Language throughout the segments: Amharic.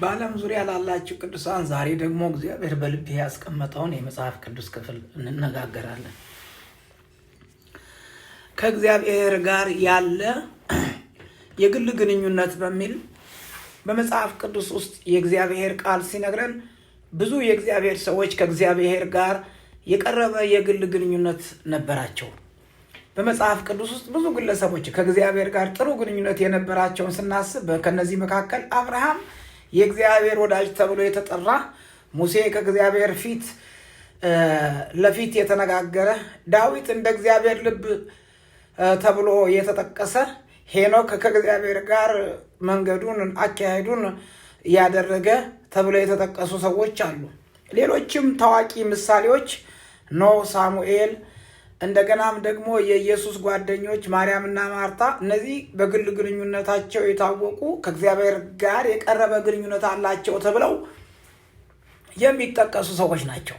በዓለም ዙሪያ ላላችሁ ቅዱሳን ዛሬ ደግሞ እግዚአብሔር በልቤ ያስቀመጠውን የመጽሐፍ ቅዱስ ክፍል እንነጋገራለን። ከእግዚአብሔር ጋር ያለ የግል ግንኙነት በሚል በመጽሐፍ ቅዱስ ውስጥ የእግዚአብሔር ቃል ሲነግረን ብዙ የእግዚአብሔር ሰዎች ከእግዚአብሔር ጋር የቀረበ የግል ግንኙነት ነበራቸው። በመጽሐፍ ቅዱስ ውስጥ ብዙ ግለሰቦች ከእግዚአብሔር ጋር ጥሩ ግንኙነት የነበራቸውን ስናስብ ከነዚህ መካከል አብርሃም የእግዚአብሔር ወዳጅ ተብሎ የተጠራ ሙሴ ከእግዚአብሔር ፊት ለፊት የተነጋገረ ዳዊት እንደ እግዚአብሔር ልብ ተብሎ የተጠቀሰ ሄኖክ ከእግዚአብሔር ጋር መንገዱን አካሄዱን ያደረገ ተብሎ የተጠቀሱ ሰዎች አሉ። ሌሎችም ታዋቂ ምሳሌዎች ኖ፣ ሳሙኤል እንደገናም ደግሞ የኢየሱስ ጓደኞች ማርያምና ማርታ እነዚህ በግል ግንኙነታቸው የታወቁ ከእግዚአብሔር ጋር የቀረበ ግንኙነት አላቸው ተብለው የሚጠቀሱ ሰዎች ናቸው።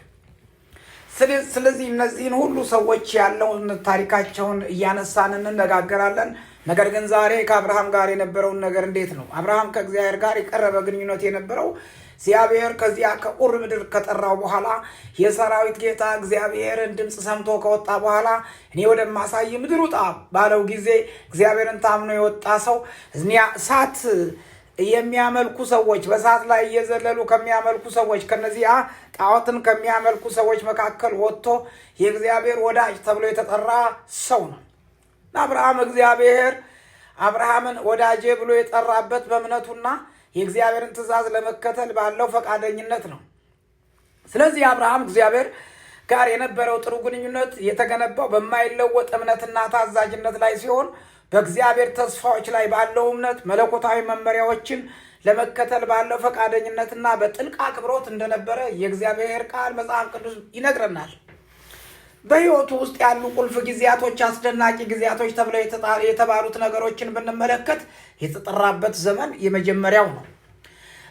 ስለዚህ እነዚህን ሁሉ ሰዎች ያለውን ታሪካቸውን እያነሳን እንነጋገራለን። ነገር ግን ዛሬ ከአብርሃም ጋር የነበረውን ነገር እንዴት ነው አብርሃም ከእግዚአብሔር ጋር የቀረበ ግንኙነት የነበረው እግዚአብሔር ከዚያ ከኡር ምድር ከጠራው በኋላ የሰራዊት ጌታ እግዚአብሔርን ድምፅ ሰምቶ ከወጣ በኋላ እኔ ወደማሳይ ምድር ውጣ ባለው ጊዜ እግዚአብሔርን ታምኖ የወጣ ሰው እሳት የሚያመልኩ ሰዎች በእሳት ላይ እየዘለሉ ከሚያመልኩ ሰዎች ከነዚያ ጣዖትን ከሚያመልኩ ሰዎች መካከል ወጥቶ የእግዚአብሔር ወዳጅ ተብሎ የተጠራ ሰው ነው። አብርሃም እግዚአብሔር አብርሃምን ወዳጄ ብሎ የጠራበት በእምነቱና የእግዚአብሔርን ትእዛዝ ለመከተል ባለው ፈቃደኝነት ነው። ስለዚህ አብርሃም እግዚአብሔር ጋር የነበረው ጥሩ ግንኙነት የተገነባው በማይለወጥ እምነትና ታዛዥነት ላይ ሲሆን በእግዚአብሔር ተስፋዎች ላይ ባለው እምነት መለኮታዊ መመሪያዎችን ለመከተል ባለው ፈቃደኝነትና በጥልቅ አክብሮት እንደነበረ የእግዚአብሔር ቃል መጽሐፍ ቅዱስ ይነግረናል። በህይወቱ ውስጥ ያሉ ቁልፍ ጊዜያቶች፣ አስደናቂ ጊዜያቶች ተብለው የተባሉት ነገሮችን ብንመለከት የተጠራበት ዘመን የመጀመሪያው ነው።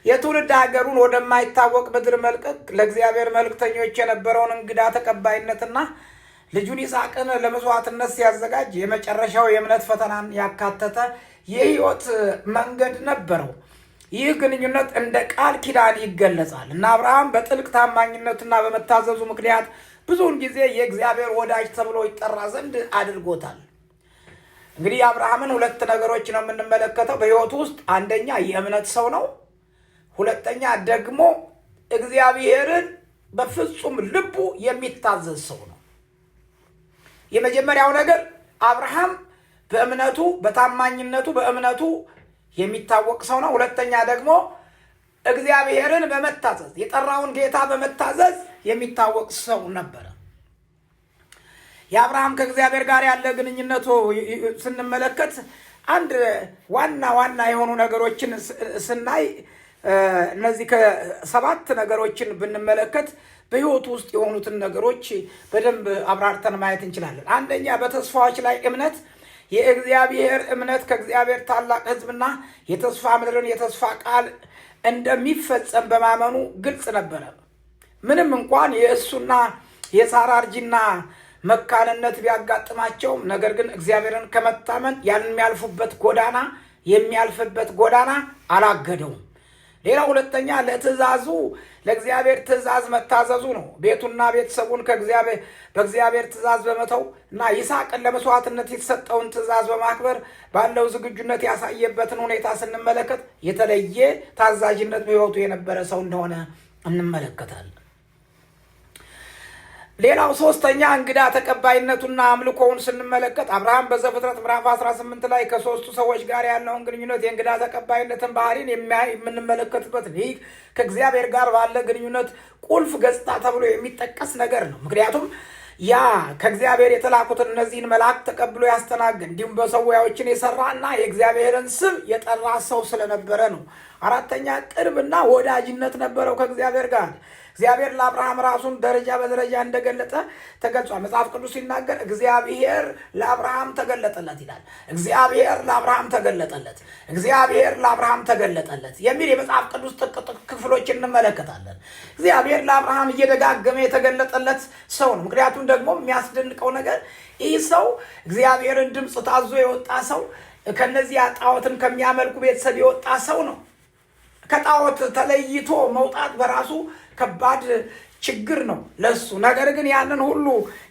የትውልድ ሀገሩን ወደማይታወቅ ምድር መልቀቅ ለእግዚአብሔር መልእክተኞች የነበረውን እንግዳ ተቀባይነትና ልጁን ይስሐቅን ለመስዋዕትነት ሲያዘጋጅ የመጨረሻው የእምነት ፈተናን ያካተተ የህይወት መንገድ ነበረው። ይህ ግንኙነት እንደ ቃል ኪዳን ይገለጻል እና አብርሃም በጥልቅ ታማኝነትና በመታዘዙ ምክንያት ብዙውን ጊዜ የእግዚአብሔር ወዳጅ ተብሎ ይጠራ ዘንድ አድርጎታል። እንግዲህ አብርሃምን ሁለት ነገሮች ነው የምንመለከተው በህይወቱ ውስጥ አንደኛ የእምነት ሰው ነው። ሁለተኛ ደግሞ እግዚአብሔርን በፍጹም ልቡ የሚታዘዝ ሰው ነው። የመጀመሪያው ነገር አብርሃም በእምነቱ በታማኝነቱ በእምነቱ የሚታወቅ ሰው ነው። ሁለተኛ ደግሞ እግዚአብሔርን በመታዘዝ የጠራውን ጌታ በመታዘዝ የሚታወቅ ሰው ነበረ። የአብርሃም ከእግዚአብሔር ጋር ያለ ግንኙነቱ ስንመለከት አንድ ዋና ዋና የሆኑ ነገሮችን ስናይ እነዚህ ከሰባት ነገሮችን ብንመለከት በሕይወቱ ውስጥ የሆኑትን ነገሮች በደንብ አብራርተን ማየት እንችላለን። አንደኛ በተስፋዎች ላይ እምነት የእግዚአብሔር እምነት ከእግዚአብሔር ታላቅ ሕዝብና የተስፋ ምድርን የተስፋ ቃል እንደሚፈጸም በማመኑ ግልጽ ነበረ። ምንም እንኳን የእሱና የሳራ እርጅና መካንነት ቢያጋጥማቸውም ነገር ግን እግዚአብሔርን ከመታመን ያንን የሚያልፉበት ጎዳና የሚያልፍበት ጎዳና አላገደውም። ሌላ ሁለተኛ ለትእዛዙ ለእግዚአብሔር ትእዛዝ መታዘዙ ነው። ቤቱና ቤተሰቡን በእግዚአብሔር ትእዛዝ በመተው እና ይስሐቅን ለመስዋዕትነት የተሰጠውን ትእዛዝ በማክበር ባለው ዝግጁነት ያሳየበትን ሁኔታ ስንመለከት የተለየ ታዛዥነት በሕይወቱ የነበረ ሰው እንደሆነ እንመለከታለን። ሌላው ሶስተኛ እንግዳ ተቀባይነቱና አምልኮውን ስንመለከት አብርሃም በዘፍጥረት ምዕራፍ 18 ላይ ከሶስቱ ሰዎች ጋር ያለውን ግንኙነት የእንግዳ ተቀባይነትን ባህሪን የምንመለከትበት ይህ ከእግዚአብሔር ጋር ባለ ግንኙነት ቁልፍ ገጽታ ተብሎ የሚጠቀስ ነገር ነው። ምክንያቱም ያ ከእግዚአብሔር የተላኩትን እነዚህን መልአክ ተቀብሎ ያስተናግድ እንዲሁም በሰዊያዎችን የሰራ እና የእግዚአብሔርን ስም የጠራ ሰው ስለነበረ ነው። አራተኛ ቅርብና ወዳጅነት ነበረው ከእግዚአብሔር ጋር። እግዚአብሔር ለአብርሃም ራሱን ደረጃ በደረጃ እንደገለጠ ተገልጿል። መጽሐፍ ቅዱስ ሲናገር እግዚአብሔር ለአብርሃም ተገለጠለት ይላል። እግዚአብሔር ለአብርሃም ተገለጠለት፣ እግዚአብሔር ለአብርሃም ተገለጠለት የሚል የመጽሐፍ ቅዱስ ጥቅጥቅ ክፍሎች እንመለከታለን። እግዚአብሔር ለአብርሃም እየደጋገመ የተገለጠለት ሰው ነው። ምክንያቱም ደግሞ የሚያስደንቀው ነገር ይህ ሰው እግዚአብሔርን ድምፅ ታዞ የወጣ ሰው ከነዚህ ጣዖትን ከሚያመልኩ ቤተሰብ የወጣ ሰው ነው። ከጣዖት ተለይቶ መውጣት በራሱ ከባድ ችግር ነው ለሱ። ነገር ግን ያንን ሁሉ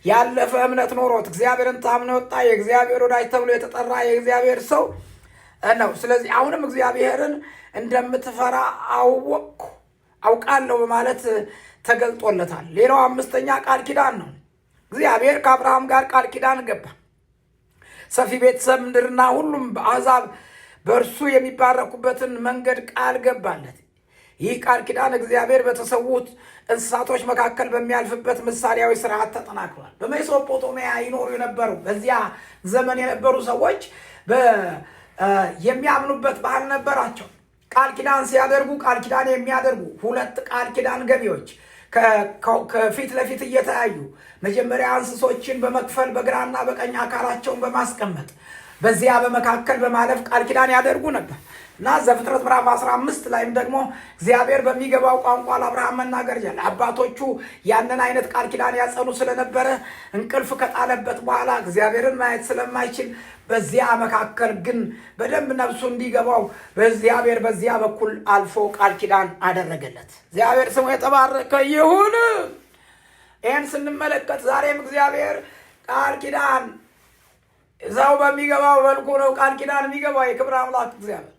ያለፈ እምነት ኖሮት እግዚአብሔርን ታምኖ የወጣ የእግዚአብሔር ወዳጅ ተብሎ የተጠራ የእግዚአብሔር ሰው ነው። ስለዚህ አሁንም እግዚአብሔርን እንደምትፈራ አወቅኩ አውቃለሁ በማለት ተገልጦለታል። ሌላው አምስተኛ ቃል ኪዳን ነው። እግዚአብሔር ከአብርሃም ጋር ቃል ኪዳን ገባ። ሰፊ ቤተሰብ ምድርና ሁሉም በአሕዛብ በእርሱ የሚባረኩበትን መንገድ ቃል ገባለት። ይህ ቃል ኪዳን እግዚአብሔር በተሰዉት እንስሳቶች መካከል በሚያልፍበት ምሳሌያዊ ስርዓት ተጠናክሯል። በሜሶፖቶሚያ ይኖሩ የነበሩ በዚያ ዘመን የነበሩ ሰዎች የሚያምኑበት ባህል ነበራቸው። ቃል ኪዳን ሲያደርጉ ቃል ኪዳን የሚያደርጉ ሁለት ቃል ኪዳን ገቢዎች ከፊት ለፊት እየተያዩ መጀመሪያ እንስሶችን በመክፈል በግራና በቀኝ አካላቸውን በማስቀመጥ በዚያ በመካከል በማለፍ ቃል ኪዳን ያደርጉ ነበር እና ዘፍጥረት ምዕራፍ 15 ላይም ደግሞ እግዚአብሔር በሚገባው ቋንቋ ለአብርሃም መናገር ይችላል። አባቶቹ ያንን አይነት ቃል ኪዳን ያጸኑ ስለነበረ እንቅልፍ ከጣለበት በኋላ እግዚአብሔርን ማየት ስለማይችል በዚያ መካከል ግን በደንብ ነፍሱ እንዲገባው በእግዚአብሔር በዚያ በኩል አልፎ ቃል ኪዳን አደረገለት። እግዚአብሔር ስሙ የተባረከ ይሁን። ይህን ስንመለከት ዛሬም እግዚአብሔር ቃል ኪዳን እዛው በሚገባው መልኩ ነው ቃል ኪዳን የሚገባው የክብር አምላክ እግዚአብሔር።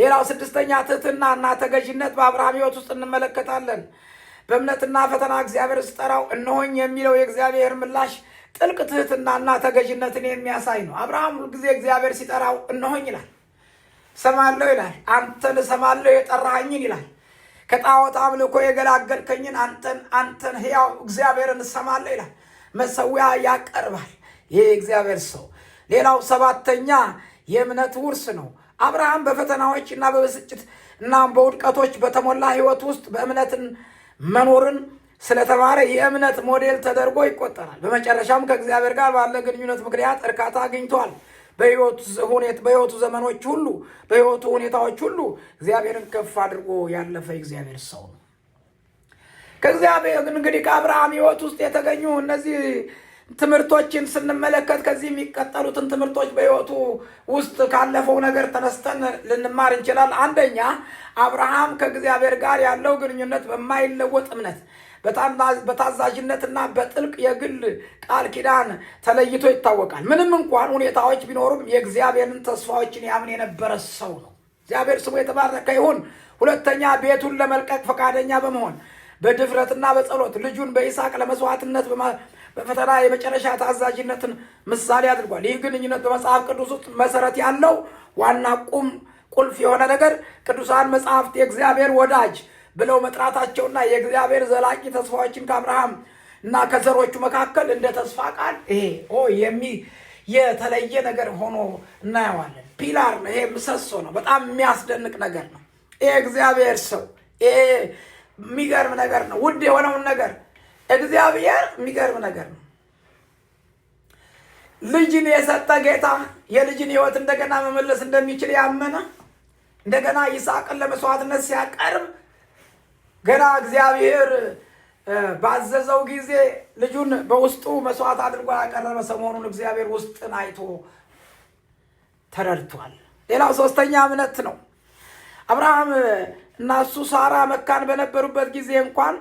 ሌላው ስድስተኛ ትህትና እና ተገዥነት በአብርሃም ሕይወት ውስጥ እንመለከታለን። በእምነትና ፈተና እግዚአብሔር ስጠራው እነሆኝ የሚለው የእግዚአብሔር ምላሽ ጥልቅ ትህትናና ተገዥነትን የሚያሳይ ነው። አብርሃም ሁልጊዜ እግዚአብሔር ሲጠራው እነሆኝ ይላል፣ ሰማለሁ ይላል፣ አንተን ሰማለሁ የጠራኸኝን ይላል፣ ከጣዖት አምልኮ የገላገልከኝን አንተን አንተን ሕያው እግዚአብሔርን ሰማለሁ ይላል። መሰዊያ ያቀርባል ይህ የእግዚአብሔር ሰው። ሌላው ሰባተኛ የእምነት ውርስ ነው። አብርሃም በፈተናዎች እና በብስጭት እና በውድቀቶች በተሞላ ህይወት ውስጥ በእምነትን መኖርን ስለተማረ የእምነት ሞዴል ተደርጎ ይቆጠራል። በመጨረሻም ከእግዚአብሔር ጋር ባለ ግንኙነት ምክንያት እርካታ አግኝቷል። በህይወቱ ዘመኖች ሁሉ በህይወቱ ሁኔታዎች ሁሉ እግዚአብሔርን ከፍ አድርጎ ያለፈ እግዚአብሔር ሰው ነው። ከእግዚአብሔር እንግዲህ ከአብርሃም ህይወት ውስጥ የተገኙ እነዚህ ትምህርቶችን ስንመለከት ከዚህ የሚቀጠሉትን ትምህርቶች በሕይወቱ ውስጥ ካለፈው ነገር ተነስተን ልንማር እንችላል። አንደኛ አብርሃም ከእግዚአብሔር ጋር ያለው ግንኙነት በማይለወጥ እምነት በታዛዥነትና በጥልቅ የግል ቃል ኪዳን ተለይቶ ይታወቃል። ምንም እንኳን ሁኔታዎች ቢኖሩም የእግዚአብሔርን ተስፋዎችን ያምን የነበረ ሰው ነው። እግዚአብሔር ስሙ የተባረከ ይሁን። ሁለተኛ ቤቱን ለመልቀቅ ፈቃደኛ በመሆን በድፍረትና በጸሎት ልጁን በይስሐቅ ለመስዋዕትነት በፈተና የመጨረሻ ታዛዥነትን ምሳሌ አድርጓል። ይህ ግንኙነት በመጽሐፍ ቅዱስ ውስጥ መሰረት ያለው ዋና ቁም ቁልፍ የሆነ ነገር ቅዱሳን መጽሐፍት የእግዚአብሔር ወዳጅ ብለው መጥራታቸውና የእግዚአብሔር ዘላቂ ተስፋዎችን ከአብርሃም እና ከዘሮቹ መካከል እንደ ተስፋ ቃል ይሄ ኦ የሚ የተለየ ነገር ሆኖ እናየዋለን። ፒላር ነው። ይሄ ምሰሶ ነው። በጣም የሚያስደንቅ ነገር ነው። ይሄ እግዚአብሔር ሰው ይሄ የሚገርም ነገር ነው። ውድ የሆነውን ነገር እግዚአብሔር የሚገርም ነገር ነው። ልጅን የሰጠ ጌታ የልጅን ሕይወት እንደገና መመለስ እንደሚችል ያመነ እንደገና ይስሐቅን ለመስዋዕትነት ሲያቀርብ ገና እግዚአብሔር ባዘዘው ጊዜ ልጁን በውስጡ መስዋዕት አድርጎ ያቀረበ ሰሞኑን እግዚአብሔር ውስጥን አይቶ ተረድቷል። ሌላው ሶስተኛ እምነት ነው። አብርሃም እና እሱ ሳራ መካን በነበሩበት ጊዜ እንኳን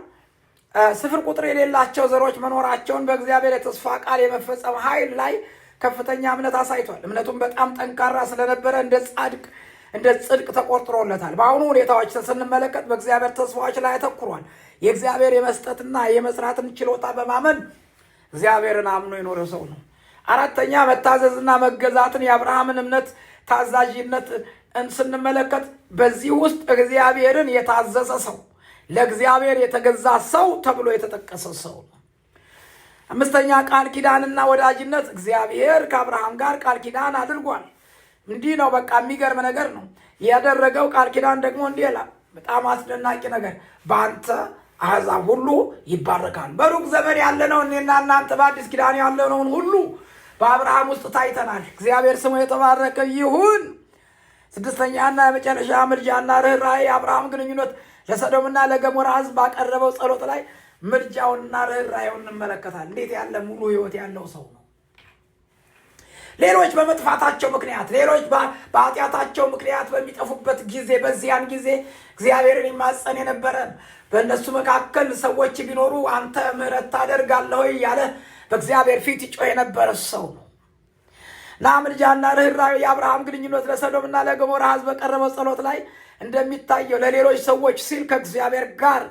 ስፍር ቁጥር የሌላቸው ዘሮች መኖራቸውን በእግዚአብሔር የተስፋ ቃል የመፈጸም ኃይል ላይ ከፍተኛ እምነት አሳይቷል። እምነቱም በጣም ጠንካራ ስለነበረ እንደ ጻድቅ እንደ ጽድቅ ተቆርጥሮለታል። በአሁኑ ሁኔታዎች ስንመለከት በእግዚአብሔር ተስፋዎች ላይ አተኩሯል። የእግዚአብሔር የመስጠትና የመስራትን ችሎታ በማመን እግዚአብሔርን አምኖ የኖረ ሰው ነው። አራተኛ መታዘዝና መገዛትን የአብርሃምን እምነት ታዛዥነት ስንመለከት በዚህ ውስጥ እግዚአብሔርን የታዘዘ ሰው ለእግዚአብሔር የተገዛ ሰው ተብሎ የተጠቀሰ ሰው ነው። አምስተኛ ቃል ኪዳንና ወዳጅነት። እግዚአብሔር ከአብርሃም ጋር ቃል ኪዳን አድርጓል። እንዲህ ነው፣ በቃ የሚገርም ነገር ነው ያደረገው። ቃል ኪዳን ደግሞ እንዲህ ይላል፣ በጣም አስደናቂ ነገር፣ በአንተ አሕዛብ ሁሉ ይባረካል። በሩቅ ዘመን ያለነው እኔና እናንተ በአዲስ ኪዳን ያለነውን ሁሉ በአብርሃም ውስጥ ታይተናል። እግዚአብሔር ስሙ የተባረከ ይሁን። ስድስተኛና የመጨረሻ ምልጃና ርኅራኄ የአብርሃም ግንኙነት ለሰዶምና ለገሞራ ህዝብ ባቀረበው ጸሎት ላይ ምልጃውንና ርኅራኄውን እንመለከታል። እንዴት ያለ ሙሉ ህይወት ያለው ሰው ነው! ሌሎች በመጥፋታቸው ምክንያት ሌሎች በኃጢአታቸው ምክንያት በሚጠፉበት ጊዜ በዚያን ጊዜ እግዚአብሔርን ይማጸን የነበረ በእነሱ መካከል ሰዎች ቢኖሩ አንተ ምሕረት ታደርጋለህ እያለ በእግዚአብሔር ፊት ይጮህ የነበረ ሰው ነው እና ምልጃና ርኅራኄ የአብርሃም ግንኙነት ለሰዶምና ለገሞራ ህዝብ በቀረበው ጸሎት ላይ እንደሚታየው ለሌሎች ሰዎች ሲል ከእግዚአብሔር ጋር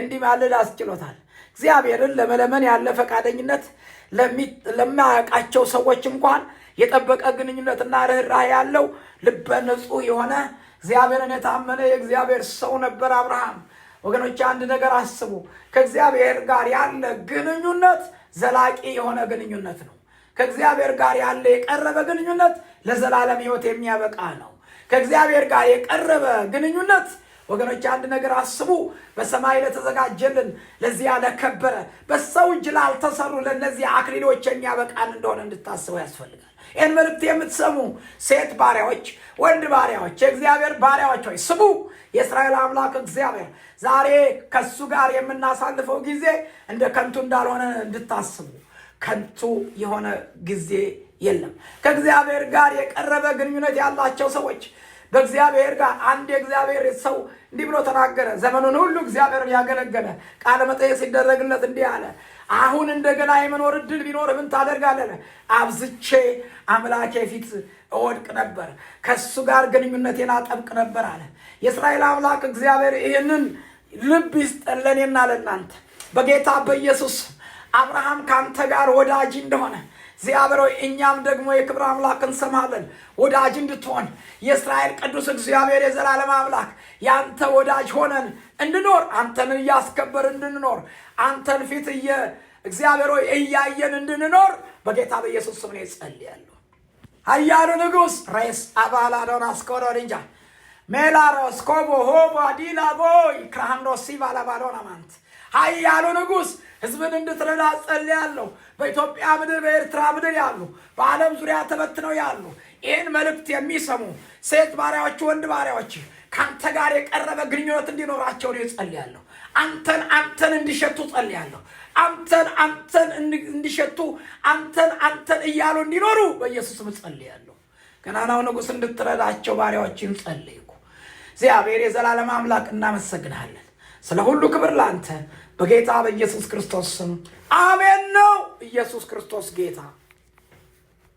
እንዲማልድ አስችሎታል። እግዚአብሔርን ለመለመን ያለ ፈቃደኝነት ለማያውቃቸው ሰዎች እንኳን የጠበቀ ግንኙነትና ርኅራኄ ያለው ልበ ንጹሕ የሆነ እግዚአብሔርን የታመነ የእግዚአብሔር ሰው ነበር አብርሃም። ወገኖች አንድ ነገር አስቡ። ከእግዚአብሔር ጋር ያለ ግንኙነት ዘላቂ የሆነ ግንኙነት ነው። ከእግዚአብሔር ጋር ያለ የቀረበ ግንኙነት ለዘላለም ሕይወት የሚያበቃ ነው። ከእግዚአብሔር ጋር የቀረበ ግንኙነት ወገኖች አንድ ነገር አስቡ። በሰማይ ለተዘጋጀልን ለዚያ ለከበረ በሰው እጅ ላልተሰሩ ለእነዚህ አክሊሎች የሚያበቃን እንደሆነ እንድታስበው ያስፈልጋል። ይህን መልእክት የምትሰሙ ሴት ባሪያዎች፣ ወንድ ባሪያዎች፣ የእግዚአብሔር ባሪያዎች ሆይ ስሙ። የእስራኤል አምላክ እግዚአብሔር ዛሬ ከእሱ ጋር የምናሳልፈው ጊዜ እንደ ከንቱ እንዳልሆነ እንድታስቡ ከንቱ የሆነ ጊዜ የለም። ከእግዚአብሔር ጋር የቀረበ ግንኙነት ያላቸው ሰዎች በእግዚአብሔር ጋር አንድ የእግዚአብሔር ሰው እንዲህ ብሎ ተናገረ። ዘመኑን ሁሉ እግዚአብሔርን ያገለገለ ቃለ መጠየቅ ሲደረግለት እንዲህ አለ፣ አሁን እንደገና የመኖር እድል ቢኖር ምን ታደርጋለህ? አብዝቼ አምላኬ ፊት እወድቅ ነበር፣ ከሱ ጋር ግንኙነቴን አጠብቅ ነበር አለ። የእስራኤል አምላክ እግዚአብሔር ይህንን ልብ ይስጠን ለእኔና ለእናንተ በጌታ በኢየሱስ አብርሃም ካንተ ጋር ወዳጅ እንደሆነ እግዚአብሔር እኛም ደግሞ የክብር አምላክ እንሰማለን ወዳጅ እንድትሆን የእስራኤል ቅዱስ እግዚአብሔር የዘላለም አምላክ ያንተ ወዳጅ ሆነን እንድኖር አንተን እያስከበር እንድንኖር አንተን ፊት እየ እግዚአብሔር ሆይ እያየን እንድንኖር በጌታ በኢየሱስ ስም ነው ጸልያለሁ። ኃያሉ ንጉሥ ሬስ አባላዶን አስኮሮን ሪንጃ ሜላሮስ ኮቦ ሆቦ አዲላ አዲላቦይ ክራሃንዶሲ ባላባሎን አማንት ኃያሉ ንጉሥ ህዝብን እንድትረዳ ጸልያለሁ። በኢትዮጵያ ምድር፣ በኤርትራ ምድር ያሉ በዓለም ዙሪያ ተበትነው ያሉ ይህን መልእክት የሚሰሙ ሴት ባሪያዎች፣ ወንድ ባሪያዎች ከአንተ ጋር የቀረበ ግንኙነት እንዲኖራቸው ነው ጸልያለሁ። አንተን አንተን እንዲሸቱ ጸልያለሁ። አንተን አንተን እንዲሸቱ አንተን አንተን እያሉ እንዲኖሩ በኢየሱስም ጸልያለሁ። ገናናው ንጉሥ እንድትረዳቸው ባሪያዎችን ጸልይኩ። እግዚአብሔር የዘላለም አምላክ እናመሰግናለን። ስለ ሁሉ ክብር ላንተ በጌታ በኢየሱስ ክርስቶስ ስም አሜን ነው። ኢየሱስ ክርስቶስ ጌታ